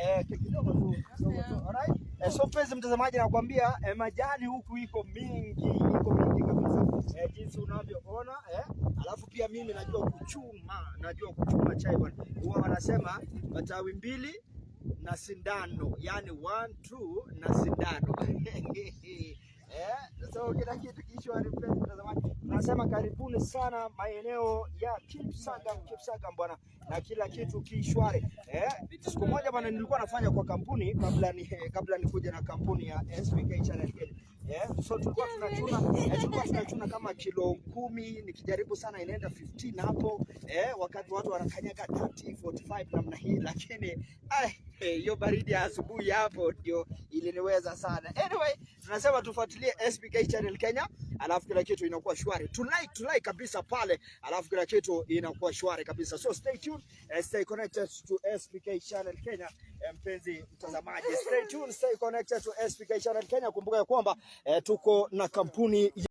Eh, eh, so mpenzi mtazamaji nakwambia eh, majani huku iko mingi, iko mingi kabisa. Eh, jinsi unavyoona eh. Alafu pia mimi najua kuchuma, najua kuchuma chai bwana. Huwa wanasema matawi mbili na sindano, yani one two na sindano. Eh, so kila kitu kishwari mpenzi. Nasema karibuni sana maeneo ya Kipsaga, Kipsaga bwana, na kila kitu kishwari. Eh, siku moja bwana nilikuwa nafanya kwa kampuni kabla ni eh, kabla nikuja na kampuni ya SPK Channel So tulikuwa tunachuna, eh, tulikuwa tunachuna kama kilo kumi nikijaribu sana inaenda 15 hapo eh, wakati watu wanakanyaga 30, 45 namna hii, lakini eh, eh, hiyo eh, baridi ya asubuhi hapo ndio iliniweza sana. Anyway, tunasema tufuatilie SBK Channel Kenya, alafu kila kitu inakuwa shwari. Tu like, tu like kabisa pale, alafu kila kitu inakuwa shwari kabisa. So stay tuned, eh, stay connected to SBK Channel Kenya. Eh, mpenzi mtazamaji, stay tuned, stay connected to SPK channel Kenya. Kumbuka ya kwamba eh, tuko na kampuni